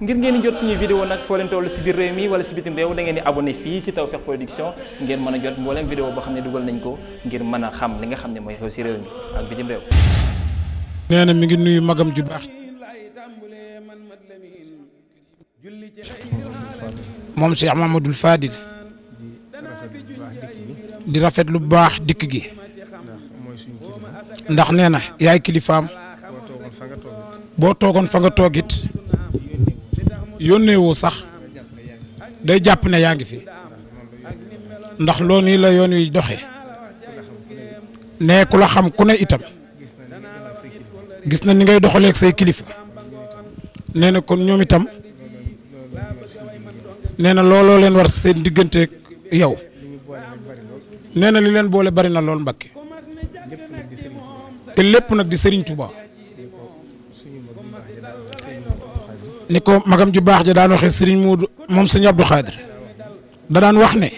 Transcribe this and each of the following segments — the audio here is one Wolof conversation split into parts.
ngir ngeen di jot suñuy vidéo nag foo leen toll si biir réew mi wala si bitim réew da ngeen di abonné fii si Tawfekh Production ngeen mën a jot mbooleem vidéo boo xam ne dugal nañ ko ngir mën a xam li nga xam ne mooy xew si réew mi ak bitim réew nee na mi ngi nuyu magam ju baax moom Cheikh Mamadou Fadil di rafet lu baax dikk gi ndax nee na yaay kilifaam boo toogoon fa nga toogit yónnee woo sax day jàpp ne yaa ngi fi ndax loolu nii la yoon wi doxee ne ku la xam ku ne itam gis na ni ngay doxaleeg say kilifa nee na kon ñoom itam nee na looloo leen war seen digganteeg yow nee na li leen boole bari na lool Mbakke te lépp nag di Serigne Touba. ni ko magam ju baax ja daan waxee sëriñ Muudu moom sëñ Abdou Khadir da daan wax ne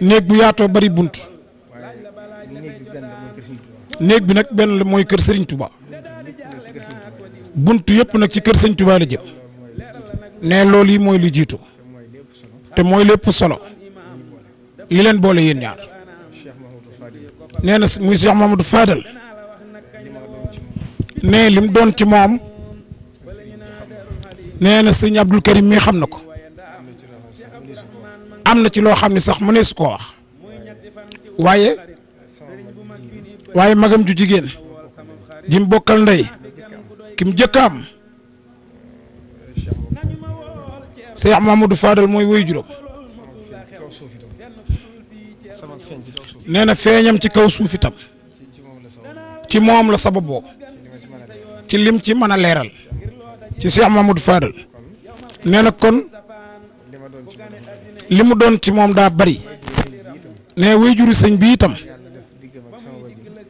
néeg bu yaatoo bari bunt néeg bi nag benn mooy kër sëriñ tubaa bunt yëpp nag ci kër sëriñ Touba la jëm ne lool yi mooy li jiitu te mooy lépp solo li leen boole yéen ñaar muy Cheikh Mamadou Fadal ne lim doon ci moom nee na sëñ Abdul Karim mii xam na ko am na ci loo xam ne sax mu ne su ko wax waaye waaye magam ju jigéen jim bokkal ndey kim jëkkaam Cheikh Mamadou Fadal mooy woy juróom nee na feeñam ci kaw suuf itam ci moom la sababoo ci lim ci mën a leeral ci Cheikh Mamadou Fadal nee na kon li mu doon ci moom daa bari ne way juru sëñ bi itam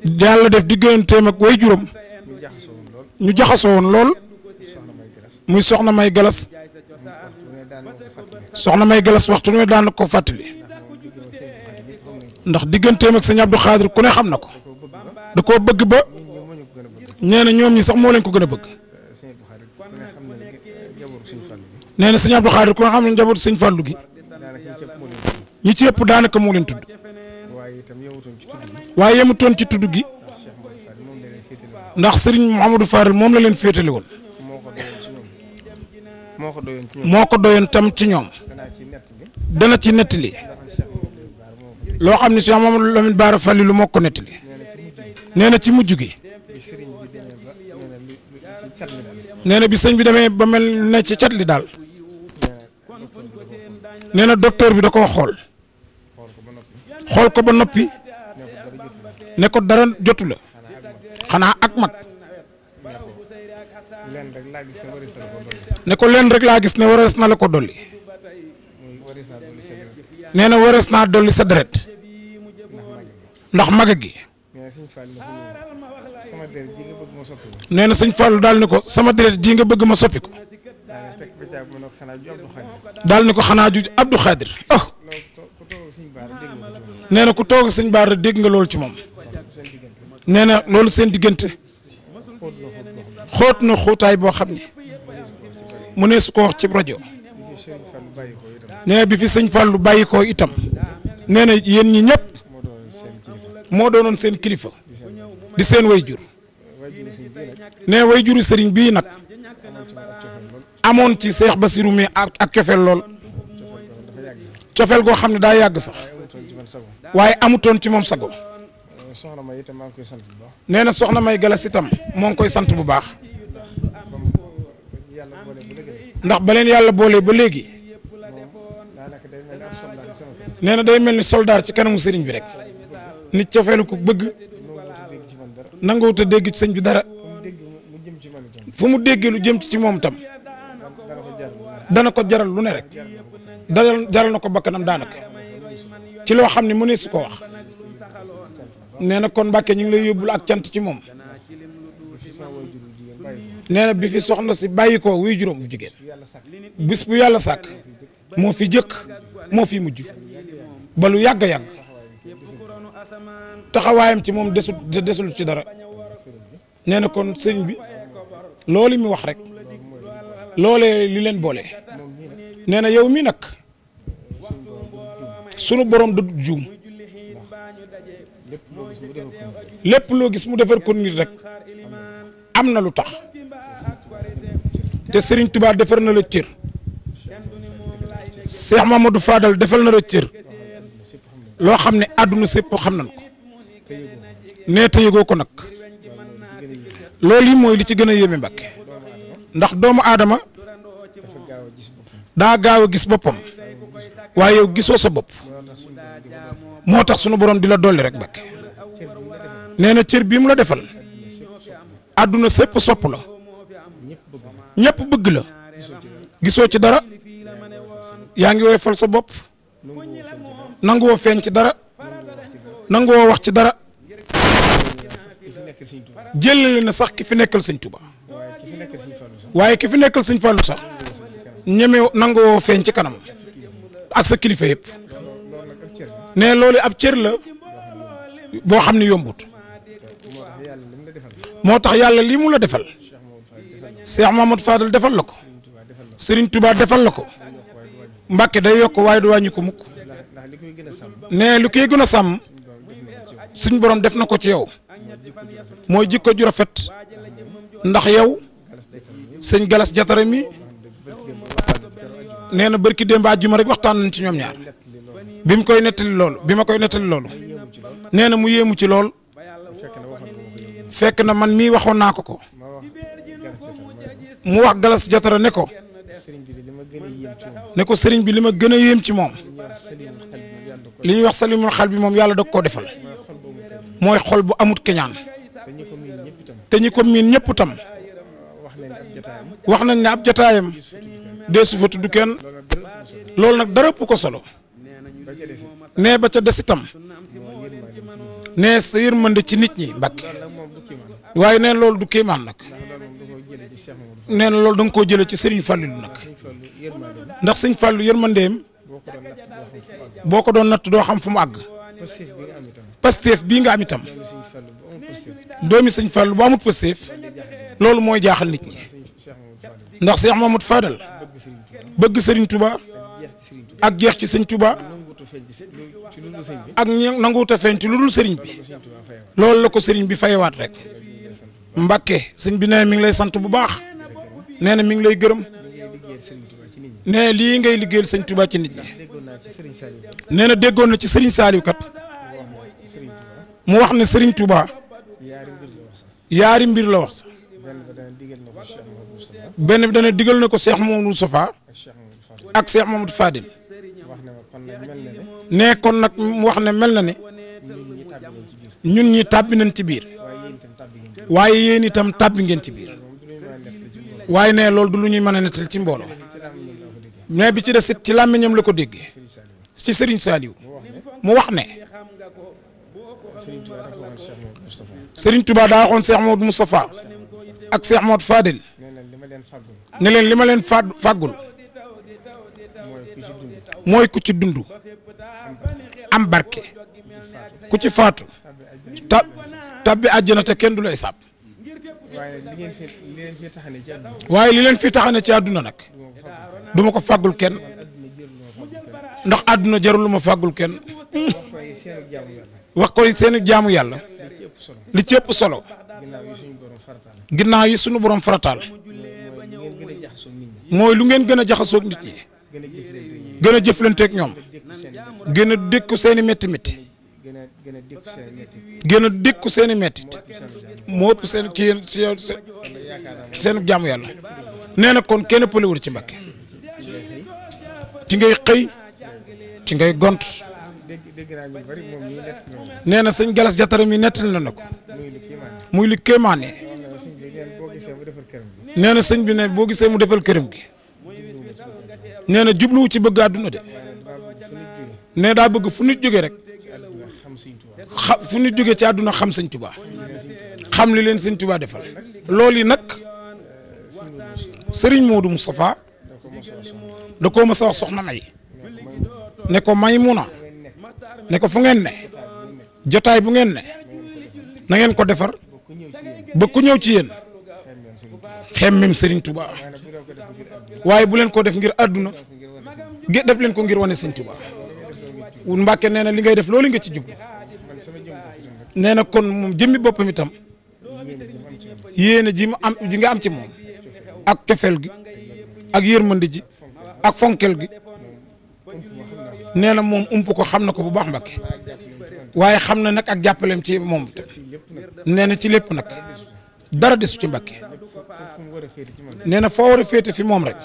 yàlla def digganteem ak juróom juram ñu jaxasoo woon lool muy soxna may galas soxna may galas waxtu ne daan na ko fàttali ndax digganteem sa sëñ Abdou ku ne xam na ko da koo bëgg ba nee na ñoom ñi sax moo leen ko gën a bëgg nee na sëñ Abdou Khadir ku nga xam ne njabootu sëñ Fallou gi ñi ci yëpp daanaka moo leen tudd waaye yemutoon ci tudd gi ndax Serigne Mouhamadou Faral moom la leen féetale woon moo ko doyoon tam ci ñoom dana ci nettali loo xam ne Cheikh Mouhamadou Lamine Bara Fallou lu moo ko nettali nee na ci mujj gi nee na bi sëñ bi demee ba mel ne ci cat li daal nee na docteur bi da ko xool xool ko ba noppi ne ko dara jotu la xanaa ak mat ne ko leen rek laa gis ne warees na la ko dolli nee na warees naa dolli sa deret ndax maga gi nee na sëñ Fallou sama deret ji nee na sëñ Fallou daal ni ko sama deret jii nga bëgg ma soppi ko. daal ni ko xanaa ju Abdou Khadir oh. nee na ku toog sëñ Baara dégg nga loolu ci moom. nee na loolu seen diggante. xóot na xóotaay boo xam ne. mu ne su ko wax ci rajo. nee na bi fi sëñ Fallou bàyyi ko itam. nee na yéen ñi ñëpp. moo doonoon seen kilifa di seen way wayjur way wayjuru sëriñ bii nag amoon ci seex ba basiru mi ak cofeel lool cofeel goo xam ne daa yàgg sax waaye amutoon ci moom sago nee na soxna may galas itam moo ngi koy sant bu baax ndax ba yàlla boole ba léegi nee na day mel ni soldaar ci kanamu sëriñ bi rek nit cofeelu ko bëgg nanguwut a dégg ci sëñ ju dara fu mu déggee lu jëm ci moom tam dana ko jaral lu ne rek dana jaral na ko bakkanam daanaka ci loo xam ne mënee su ko wax nee na kon Mbàkke ñu ngi lay yóbbul ak cant ci moom nee bi fi soxna si bàyyi ko wuy juróom bu jigéen bis bu yàlla sàkk moo fi jëkk moo fi mujj ba lu yàgg-yàgg taxawaayam ci moom desul desul ci dara nee na kon sëñ bi loolu mi wax rek loole li leen boole nee na yow mi nag sunu boroom du juum lépp loo gis mu defar ko nit rek am na lu tax te Serigne Touba defar na la cër Cheikh Mamadou Fadal defal na la cër. loo xam ne àdduna sépp xam nañ ko nee te ko nag loolu yi mooy li ci gën a yéeme Mbàkke ndax doomu aadama daa gaaw a gis boppam waaye yow gisoo sa bopp moo tax sunu boroom di la dolli rek Mbàkke nee na cër bi mu la defal àdduna sépp sopp la ñëpp bëgg la gisoo ci dara yaa ngi woyofal sa bopp nanguwoo feeñ ci dara nanguwoo wax ci dara jëlale na sax ki fi nekkal sëñ Tuubaa waaye ki fi nekkal sëñ Fàllu sax ñeme nanguwoo feeñ ci kanam ak sa kilifa yëpp ne loolu ab cër la boo xam ni yombut moo tax yàlla lii mu la defal Cheikh Mamadou Fadal defal la ko Serigne Touba defal la ko Mbàkke day yokk waaye du wàññi ko mukk ne lu koy gën a sàmm suñ borom def na ko ci yow mooy jikko ju rafet ndax yow sëñ Galas Jatara mi nee na barki démb àjjuma rek waxtaan nañ ci ñoom ñaar bi mu koy nettali loolu bi ma koy nettali loolu nee na mu yéemu ci lool fekk na man mii waxoon naa ko ko mu wax Galas Jatara ne ko ne ko sëriñ bi li ma gën a yéem ci moom. li ñuy wax salimul xal bi moom yàlla da koo defal mooy xol bu amut keñaan te ñi ko miin ñëpp tam wax nañ ne ab jataayam deesu fa tudd kenn loolu nag dara ëpp ko solo nee ba ca des itam nee sa yërmande ci nit ñi mbàkke waaye neen lool du kéemaan nag nee na loolu da nga koo jëlee ci Serigne Fallou nag ndax Serigne Fallou yërmandeem boo ko doon natt doo xam fu mu àgg. Pastef bii nga am itam. doomi sëñ Fallou bu amut Pastef loolu mooy jaaxal nit ñi ndax Cheikh Mahmoud Fadal bëgg sëriñ Touba ak jeex ci sëñ Touba ak ña nanguwut a feeñ ci lu dul Serigne bi loolu la ko Serigne bi fayewaat rek Mbacke sañ bi nee mi ngi lay sant bu baax nee na mi ngi lay gërëm. ne lii ngay liggéeyal sëñ Touba ci nit ñi nee na déggoon na ci Serigne Saliou kat mu wax ne Serigne Touba yaari mbir la wax benn bi dana digal na ko Cheikh Mamadou Moustapha ak Cheikh Mamadou Fadil ne kon nag mu wax ne mel na ne ñun ñi tàbbi nañ ci biir waaye yéen itam tàbbi ngeen ci biir waaye ne loolu du lu ñuy mën a nettal ci mbooloo. mais bi ci des it ci làmmiñam la ko déggee ci Serigne Saliou mu wax ne Serigne Touba daa waxoon Cheikh Modou Moustapha ak Cheikh Modou Fadel ne leen li ma leen fa fàggul mooy ku ci dund am barke ku ci faatu tab tabbi àjjana te kenn du lay sàpp waaye li leen fi taxane ci àdduna waaye li leen fi ci àdduna nag. duma ko fàggul kenn ndax àdduna jarul ma fàggul kenn wax koy seeni jaamu yàlla li ci ëpp solo ginnaaw yi suñu borom farataal mooy lu ngeen gën a jaxasoog nit ñi gën a jëflanteeg ñoom gën a dékku seeni métti métti gën a dékku seeni métti moo ëpp seen ci seen jaamu yàlla nee na kon kenn pëlewul ci Mbàkke ci ngay xëy ci ngay gont nee na sëñ Galas Jatara mi nettali na ko muy li kéemaane nee na sëñ bi ne boo gisee mu defal këram gi nee na jubluwu ci bëgg àdduna de ne daa bëgg fu nit jógee rek xa fu nit jógee ci àdduna xam sëñ Tuubaa xam li leen sëñ Tuubaa defal loolu yi nag sëriñ Modou Moustapha da koo ma sa soxna may ne ko may muna ne ko fu ngeen ne jotaay bu ngeen ne na ngeen ko defar ba ku ñëw ci yéen xemmem sëriñ Touba waaye bu leen ko def ngir àdduna gi def leen ko ngir wane sëriñ Touba wun Mbàkke nee na li ngay def loolu nga ci jublu nee na kon moom jëmmi boppam itam yéene ji mu am nga am ci moom ak cofeel gi ak yërmande ji ak fonkel gi nee na moom ump ko xam na ko bu baax Mbàkke waaye xam na nag ak jàppaleem ci moom nee na ci lépp nag dara desu ci Mbàkke nee na foo war a féete fi moom rek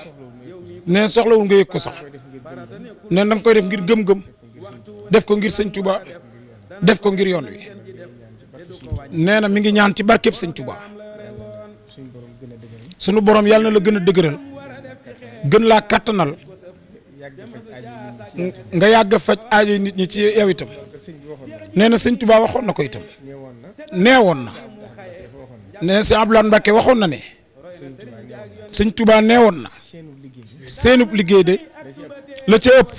nee na soxlawul nga yëg ko sax nee na da koy def ngir gëm-gëm def ko ngir sëñ Touba def ko ngir yoon wi neena na mi ngi ñaan ci barkeb sëñ Touba sunu borom yàlla na la gën a dëgëral. gën laa kàttanal nga yàgg faj aajo nit ñi ci yow itam nee na sëñ Tuubaa waxoon na ko itam nee woon na nee si Abdoulaye Mbacke waxoon na ne sëñ Tuubaa nee woon na seenub liggéey de la ca ëpp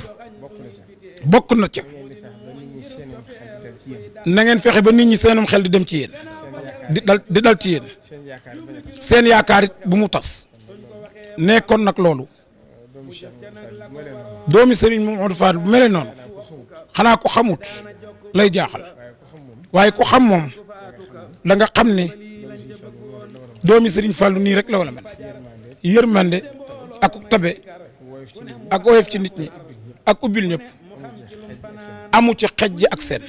bokk na ca na ngeen fexe ba nit ñi seenum xel di dem ci yéen di dal di dal ci yéen seen yaakaar bu mu tas. nekkoon nag loolu doomi Serigne Mamadou Fall bu mel noonu xanaa ko xamut lay jaaxal waaye ku xam moom da nga xam ne doomi Serigne Fallou nii rek la wala mel yërmande ak tabe ak oyof ci nit ñi ak ubbil ñëpp amu ci xejj ak seen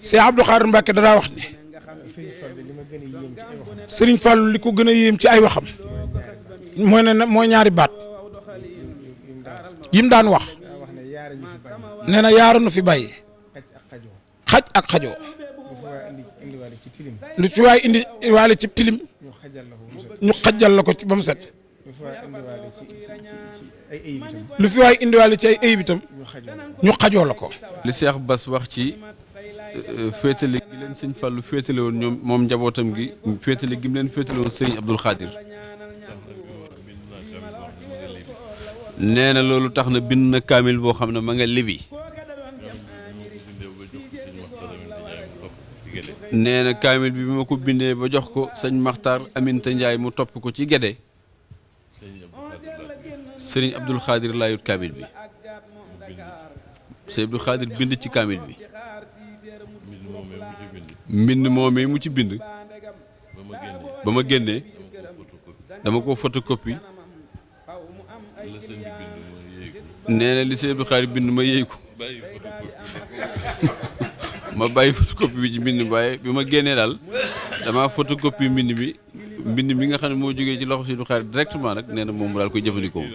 Cheikh Abdou Khadre Mbacke danaa wax ne Serigne Fallou li ko gën a yéem ci ay waxam. mooy ne mooy ñaari baat yim daan wax nee na yaara nu fi bàyyi xaj ak xajo lu ci waay indi waale ci tilim ñu xajal la ko ci ba mu set lu fi waay indiwaale ci ay ayib itam ñu xajoo la ko. li Cheikh Bass wax ci euh, féetale gi leen sëñ Fallou féetale woon ñoom moom njabootam gi féetale gi mu leen féetale woon sëñ Abdoul Khadir. nee na loolu tax na bind na kaamil boo xam ne ma nga libi nee na kaamil bi ma ko bindee ba jox ko sañ Maxtaar Aminta Njaay mu topp ko ci Gédé sëriñ Abdul Xaadir laayut kaamil bi sëñ Abdul Xaadir bind ci kaamil bi mbind moomee mu ci bind ba ma génnee dama ko photocopie nee na li sëñ Abdou Khadre bind ma yëy ko ma bàyyi photocopie bi ci mbind waaye bi ma génnee daal damaa photocopie mbind bi mbind mi nga xam ne moo jógee ci loxo sëñ Abdou directement nag nee na moom daal koy jëfandikoo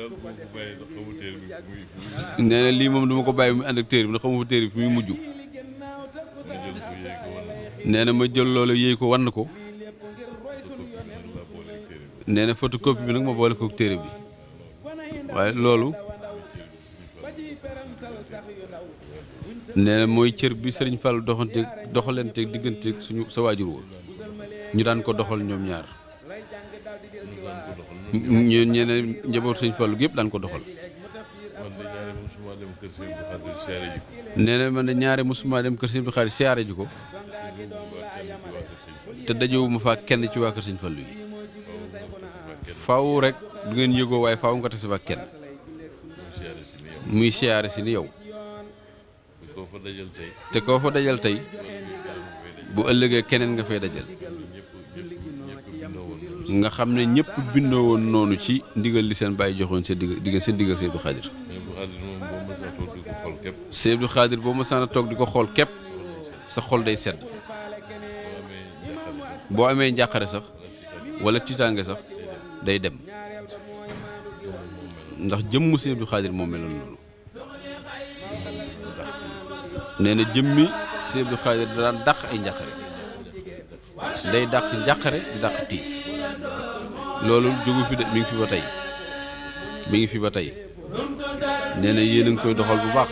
nee na lii moom duma ko bàyyi mu ànd bi ndax xamu fa téere bi na ma jël loolu yëy ko wann ko nee na photocopie bi nag ma boole ko téere bi waaye loolu neena mooy cër bi sëriñ Fall doxante doxalanteeg diggante suñu sa waajur wa ñu daan ko doxal ñoom ñaar ñu ñeneen njaboot sëriñ Fall gépp daan ko doxal. nee na man de ñaare mosuma dem kër sëriñ bi xaar siyaare ko te dajewuma faa kenn ci waa kër sëriñ Fall yi faaw rek du ngeen yëgoo waaye faaw nga tase fa kenn muy siyaare si ni yow. fa dajal tey. te koo fa dajal tey bu ëllëgee keneen nga fay dajal. nga xam ne ñëpp bindoo woon noonu ci ndigal li seen bàyyi joxoon seen digg digg seen diggal Seydou Khadir. Seydou Khadir boo ma a toog di ko xool képp sa xol day sedd boo amee njàqare sax wala tiitaange sax day dem ndax jëmm Seydou Khadir moom meloon noonu. nee na jëmmi sëñ Abdou Khadir daan dàq ay njàqare day daq njàqare di dàq tiis loolu jógu fi de mi ngi fi ba tey mu ngi fi ba tey nee na yéen a ngi koy doxal bu baax